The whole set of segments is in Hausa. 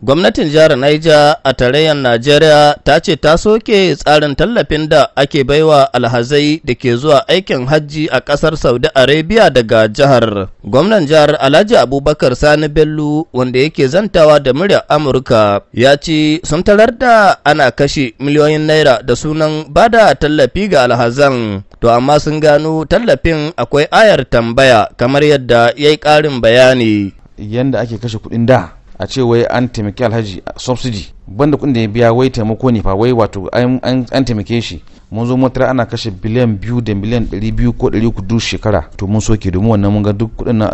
Gwamnatin jihar Niger a tarayyar Najeriya ta ce ta soke tsarin tallafin da ake baiwa alhazai da ke zuwa aikin hajji a ƙasar Saudi Arabia daga jihar. Gwamnan jihar Alhaji Abubakar Sani Bello wanda yake zantawa da muryar Amurka ya ce sun tarar da ana kashe miliyoyin naira da sunan bada tallafi ga alhazan. To amma sun gano tallafin akwai ayar tambaya kamar yadda ya yi ƙarin bayani. Yanda ake kashe kuɗin da a ce wai an taimaki alhaji subsidy banda kudin da ya biya wai taimako ne fa wai wato an taimake shi mun zo mutara ana kashe biliyan biyu da miliyan ɗari biyu ko ɗari uku duk shekara to mun soke domin wannan mun ga duk kuɗin nan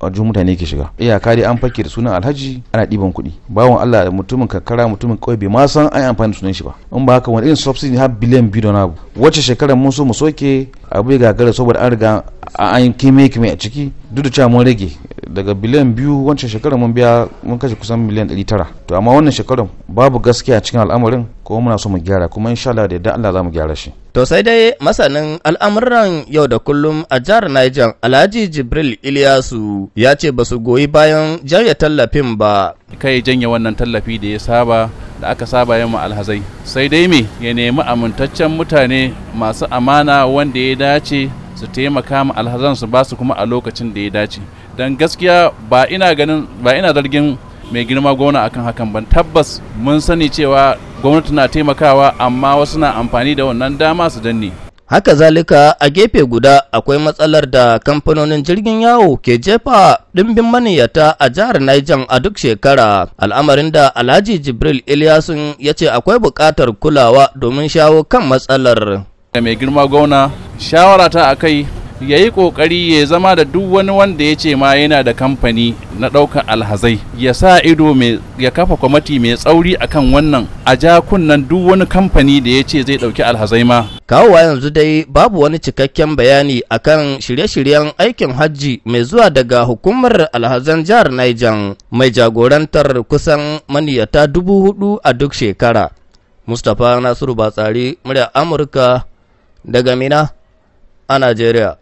aljihun mutane ke shiga iyaka dai an fakke da sunan alhaji ana ɗiban kuɗi bawan allah mutumin karkara mutumin kawai bai ma san an yi amfani da sunan shi ba in ba haka wani irin subsidy har biliyan biyu da na abu wacce shekarar mun so mu soke abu ya gagara saboda an riga an kime kime a ciki duk da cewa mun rage daga biliyan biyu wancan shekarar mun biya mun kashe kusan miliyan ɗari tara to amma wannan shekarar babu gaskiya cikin al'amarin ko muna so mu gyara kuma insha Allah da yadda Allah za mu gyara shi. To sai dai masanin al'amuran yau da kullum a jihar Niger Alhaji Jibril Iliyasu ya ce ba su goyi bayan janye tallafin ba. Kai janye wannan tallafi da ya saba da aka saba yin alhazai sai dai me ya nemi amintaccen mutane masu amana wanda ya dace su taimaka ma alhazan su basu kuma a lokacin da ya dace don gaskiya ba ina ganin ba ina zargin mai girma gona akan hakan ban tabbas mun sani cewa gwamnati na taimakawa amma wasu na amfani da wannan dama su danne haka zalika a gefe guda akwai matsalar da kamfanonin jirgin yawo ke jefa ɗimbin maniyata a jihar Niger a duk shekara al'amarin da alhaji jibril ilyasun ya ce akwai buƙatar kulawa domin shawo kan matsalar mai girma gona shawara ta a kai ya yi ƙoƙari ya zama da duk wani wanda ya ce ma yana da kamfani na ɗaukar alhazai ya sa ido ya kafa kwamati mai tsauri a kan wannan a ja duk wani kamfani da ya ce zai ɗauki alhazai ma kawowa yanzu dai babu wani cikakken bayani akan shirye-shiryen aikin hajji mai zuwa daga hukumar alhazan jihar Niger mai jagorantar kusan maniyata dubu hudu a duk shekara mustapha nasiru batsari murya amurka daga mina a Najeriya.